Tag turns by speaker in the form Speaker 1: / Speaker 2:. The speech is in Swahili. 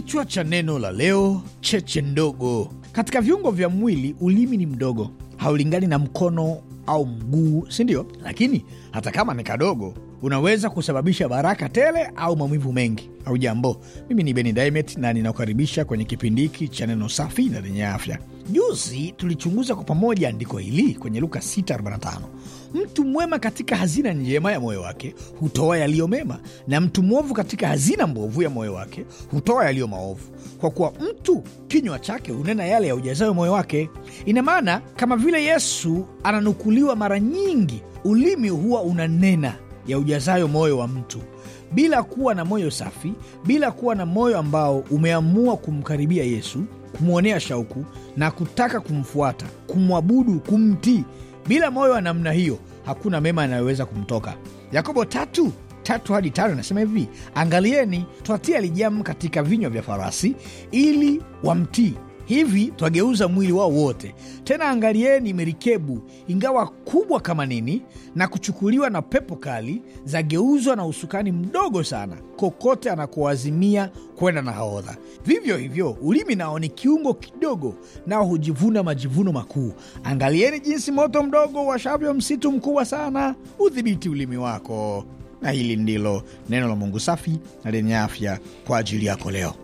Speaker 1: Kichwa cha neno la leo: cheche ndogo. Katika viungo vya mwili, ulimi ni mdogo, haulingani na mkono au mguu, si ndio? Lakini hata kama ni kadogo, unaweza kusababisha baraka tele au maumivu mengi au jambo. Mimi ni Beni Dimet na ninakukaribisha kwenye kipindi hiki cha neno safi na lenye afya. Juzi tulichunguza kwa pamoja andiko hili kwenye Luka 6:45 mtu mwema katika hazina njema ya moyo wake hutoa yaliyo mema, na mtu mwovu katika hazina mbovu ya moyo wake hutoa yaliyo maovu, kwa kuwa mtu kinywa chake hunena yale ya ujazayo moyo wake. Ina maana kama vile Yesu ananukuliwa mara nyingi, ulimi huwa unanena ya ujazayo moyo wa mtu. Bila kuwa na moyo safi, bila kuwa na moyo ambao umeamua kumkaribia Yesu, kumwonea shauku na kutaka kumfuata, kumwabudu, kumtii, bila moyo wa namna hiyo hakuna mema yanayoweza kumtoka. Yakobo tatu tatu hadi tano nasema hivi: angalieni, twatia lijamu katika vinywa vya farasi ili wamtii hivi twageuza mwili wao wote. Tena angalieni merikebu, ingawa kubwa kama nini, na kuchukuliwa na pepo kali, zageuzwa na usukani mdogo sana, kokote anakuwazimia kwenda na haodha. Vivyo hivyo ulimi nao ni kiungo kidogo, nao hujivuna majivuno makuu. Angalieni jinsi moto mdogo washavyo msitu mkubwa sana. Udhibiti ulimi wako. Na hili ndilo neno la Mungu safi na lenye afya kwa ajili yako leo.